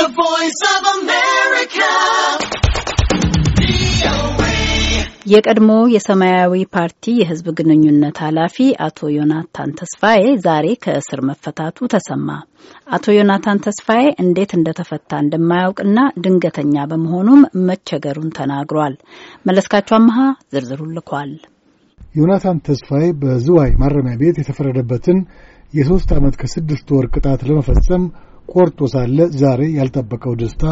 The Voice of America. የቀድሞ የሰማያዊ ፓርቲ የሕዝብ ግንኙነት ኃላፊ አቶ ዮናታን ተስፋዬ ዛሬ ከእስር መፈታቱ ተሰማ። አቶ ዮናታን ተስፋዬ እንዴት እንደተፈታ እንደማያውቅና ድንገተኛ በመሆኑም መቸገሩን ተናግሯል። መለስካቸው አመሃ ዝርዝሩ ልኳል። ዮናታን ተስፋዬ በዝዋይ ማረሚያ ቤት የተፈረደበትን የሶስት ዓመት ከስድስት ወር ቅጣት ለመፈጸም ቆርጦ ሳለ ዛሬ ያልጠበቀው ደስታ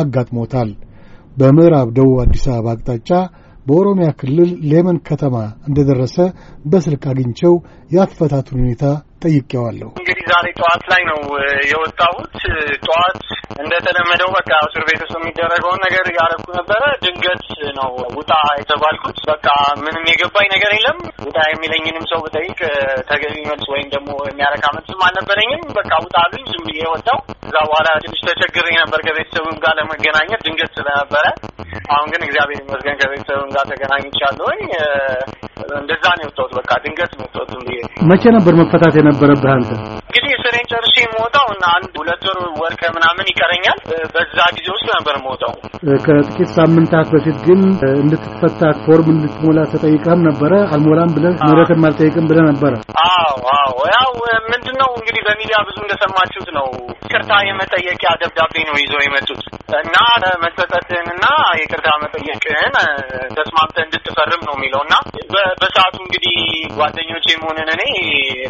አጋጥሞታል። በምዕራብ ደቡብ አዲስ አበባ አቅጣጫ በኦሮሚያ ክልል ሌመን ከተማ እንደደረሰ በስልክ አግኝቸው የአፈታቱን ሁኔታ ጠይቄዋለሁ። ዛሬ ጠዋት ላይ ነው የወጣሁት። ጠዋት እንደተለመደው በቃ እስር ቤት ውስጥ የሚደረገውን ነገር ያረኩ ነበረ። ድንገት ነው ውጣ የተባልኩት። በቃ ምንም የገባኝ ነገር የለም። ውጣ የሚለኝንም ሰው ብጠይቅ ተገቢ መልስ ወይም ደግሞ የሚያረካ መልስም አልነበረኝም። በቃ ውጣ አሉኝ። ዝም ብዬ የወጣው እዛ በኋላ ትንሽ ተቸግሬ ነበር ከቤተሰብም ጋር ለመገናኘት ድንገት ስለነበረ፣ አሁን ግን እግዚአብሔር ይመስገን ከቤተሰብም ጋር ተገናኝቻለሁኝ። እንደዛ ነው የወጣሁት። በቃ ድንገት ነው የወጣሁት። ብዬ መቼ ነበር መፈታት የነበረብህ አንተ? የምወጣው እና አንድ ሁለት ወር ወር ከምናምን ይቀረኛል። በዛ ጊዜ ውስጥ ነበር የምወጣው። ከጥቂት ሳምንታት በፊት ግን እንድትፈታ ፎርም እንድትሞላ ተጠይቀህም ነበረ። አልሞላም ብለህ ምህረትም አልጠይቅም ብለህ ነበረ። አዎ አዎ። ያው ምንድን ነው እንግዲህ በሚዲያ ብዙ እንደሰማችሁት ነው። ይቅርታ የመጠየቂያ ደብዳቤ ነው ይዘው የመጡት እና እና ይቅርታ መጠየቅህን ተስማምተህ እንድትፈርም ነው የሚለው እና በሰዓቱ እንግዲህ ጓደኞቼም ሆነን እኔ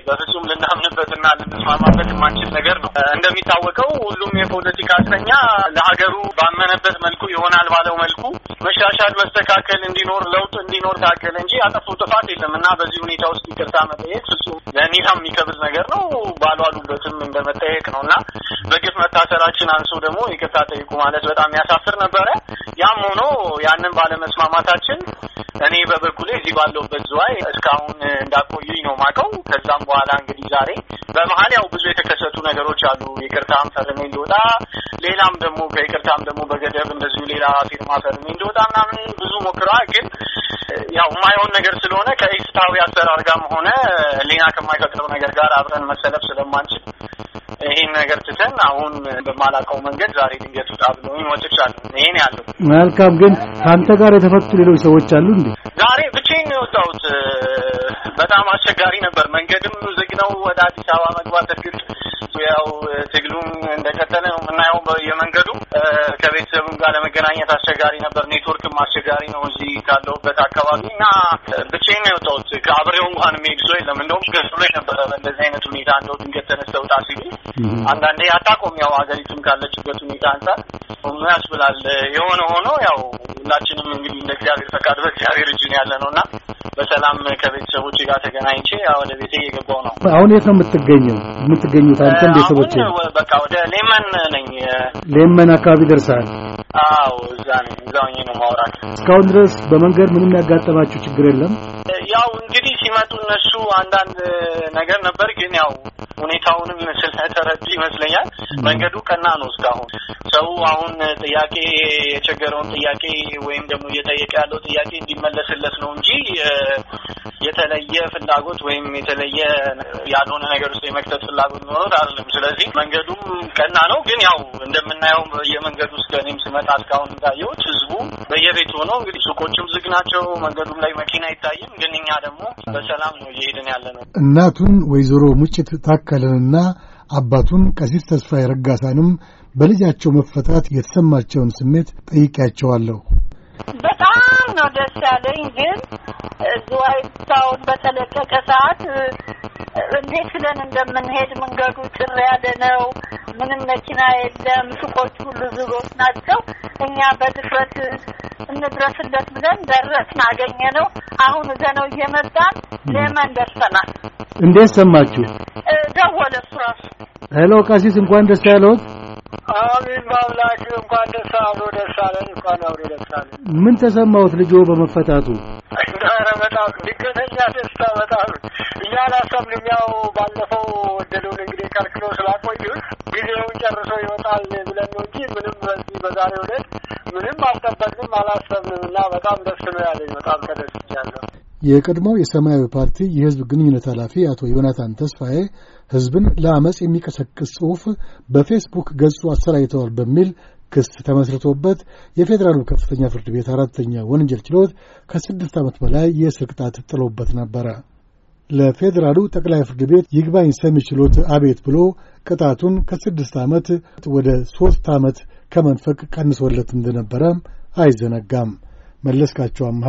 በፍጹም ልናምንበትና ልንስማማበት የማንችል ነገር ነው። እንደሚታወቀው ሁሉም የፖለቲካ እስረኛ ለሀገሩ ባመነበት መልኩ ይሆናል ባለው መልኩ መሻሻል፣ መስተካከል እንዲኖር ለውጥ እንዲኖር ታገለ እንጂ ያጠፉ ጥፋት የለም እና በዚህ ሁኔታ ውስጥ ይቅርታ መጠየቅ ፍጹም ለእኔታ የሚከብድ ነገር ነው። ባሏሉበትም እንደመጠየቅ መጠየቅ ነው እና በግፍ መታሰራችን አንሶ ደግሞ ይቅርታ ጠይቁ ማለት በጣም ያሳፍር ነበረ። ያንን ባለመስማማታችን እኔ በበኩሌ እዚህ ባለውበት ዝዋይ እስካሁን እንዳቆዩኝ ነው ማቀው። ከዛም በኋላ እንግዲህ ዛሬ በመሀል ያው ብዙ የተከሰቱ ነገሮች አሉ። ይቅርታም ፈርሜ እንዲወጣ ሌላም ደግሞ ከይቅርታም ደግሞ በገደብ እንደዚሁ ሌላ ፊርማ ፈርሜ እንዲወጣ ምናምን ብዙ ሞክራ ግን ያው የማይሆን ነገር ስለሆነ ከኢፍትሐዊ አሰራር ጋርም ሆነ ሕሊና ከማይፈቅደው ነገር ጋር አብረን መሰለፍ ስለማንችል ይህን ነገር ትተን አሁን በማላውቀው መንገድ ዛሬ ድንገት ውጣ ብሎ ይሞትቻል። ይሄን ያለው መልካም። ግን ከአንተ ጋር የተፈቱ ሌሎች ሰዎች አሉ እንዴ? ዛሬ ብቻዬን ነው የወጣሁት። በጣም አስቸጋሪ ነበር። መንገድም ዝግ ነው። ወደ አዲስ አበባ መግባት እርግጥ ያው ትግሉም እንደቀጠለ ነው የምናየው። የመንገዱ ከቤተሰቡም ጋር ለመገናኘት አስቸጋሪ ነበር። ኔትወርክም አስቸጋሪ ነው እዚህ ካለሁበት አካባቢ እና ብቻዬን ነው የወጣሁት። ከአብሬው እንኳን የሚሄድ ሰው የለም። እንደውም ገስ ብሎ ነበረ በእንደዚህ አይነት ሁኔታ እንደው ድንገት ተነስተውጣ ሲሉ አንዳንዴ አታቆም ያው ሀገሪቱም ካለችበት ሁኔታ አንጻር ሆኖ ያስብላል። የሆነ ሆኖ ያው ሁላችንም እንግዲህ እንደ እግዚአብሔር ፈቃድ በእግዚአብሔር እጅ ነው ያለ ነው እና በሰላም ከቤተሰቦች ጋር ተገናኝቼ ወደ ቤቴ እየገባው ነው። አሁን የት ነው የምትገኘው? የምትገኙት አንተ ቤተሰቦች? በቃ ወደ ሌመን ነኝ። ሌመን አካባቢ ደርሰሃል? አዎ እዛ ነኝ። እዛው ነው ማውራት። እስካሁን ድረስ በመንገድ ምንም ያጋጠማችሁ ችግር የለም? ያው እንግዲህ ሲመጡ እነሱ አንዳንድ ነገር ነበር፣ ግን ያው ሁኔታውንም ስለተረዱ ይመስለኛል መንገዱ ቀና ነው። እስካሁን ሰው አሁን ጥያቄ የቸገረውን ጥያቄ ወይም ደግሞ እየጠየቀ ያለው ጥያቄ እንዲመለስለት ነው እንጂ የተለየ ፍላጎት ወይም የተለየ ያልሆነ ነገር ውስጥ የመክተት ፍላጎት ኖሮት አይደለም። ስለዚህ መንገዱም ቀና ነው። ግን ያው እንደምናየው የመንገዱ ውስጥ እኔም ስመጣ እስካሁን እንዳየሁት ህዝቡ በየቤቱ ሆነው እንግዲህ ሱቆችም ዝግ ናቸው። መንገዱም ላይ መኪና አይታይም። ግን እኛ ደግሞ በሰላም ነው እየሄድን ያለ ነው። እናቱን ወይዘሮ ሙጭት ታከለንና አባቱን ቀሲስ ተስፋ ረጋሳንም በልጃቸው መፈታት የተሰማቸውን ስሜት ጠይቄያቸዋለሁ። በጣም ነው ደስ ያለኝ። ግን ዝዋይ ብቻውን በተለቀቀ ሰዓት እንዴት ብለን እንደምንሄድ መንገዱ ጭር ያለ ነው። ምንም መኪና የለም። ሱቆች ሁሉ ዝጎት ናቸው። እኛ በድፍረት እንድረስለት ብለን ደረስን፣ አገኘ ነው። አሁን ዘነው እየመጣን ለማን ደርሰናል። እንዴት ሰማችሁ? ደወለ እሱ ራሱ ሄሎ፣ ቀሲስ እንኳን ደስ ያለዎት አሚን። በአምላክ እንኳን ደስ አብሮ ደስ አለን። እንኳን አብሮ ደስ አለን። ምን ተሰማሁት ልጆ በመፈታቱ? ኧረ በጣም ድንገተኛ ደስታ በጣም እኛ አላሰብንም። ያው ባለፈው ወደደውን እንግዲህ ከልክሎ ስላቆዩት ጊዜውን ጨርሶ ይወጣል ብለን ነው እንጂ ምንም በዚህ በዛሬ ዕለት ምንም አልጠበቅንም አላሰብንም እና በጣም ደስ ነው ያለኝ። በጣም ተደስቻለሁ። የቀድሞው የሰማያዊ ፓርቲ የህዝብ ግንኙነት ኃላፊ አቶ ዮናታን ተስፋዬ ህዝብን ለአመፅ የሚቀሰቅስ ጽሑፍ በፌስቡክ ገጹ አሰራይተዋል በሚል ክስ ተመስርቶበት የፌዴራሉ ከፍተኛ ፍርድ ቤት አራተኛ ወንጀል ችሎት ከስድስት ዓመት በላይ የእስር ቅጣት ጥሎበት ነበረ። ለፌዴራሉ ጠቅላይ ፍርድ ቤት ይግባኝ ሰሚ ችሎት አቤት ብሎ ቅጣቱን ከስድስት ዓመት ወደ ሦስት ዓመት ከመንፈቅ ቀንሶለት እንደነበረ አይዘነጋም። መለስካቸው አምሃ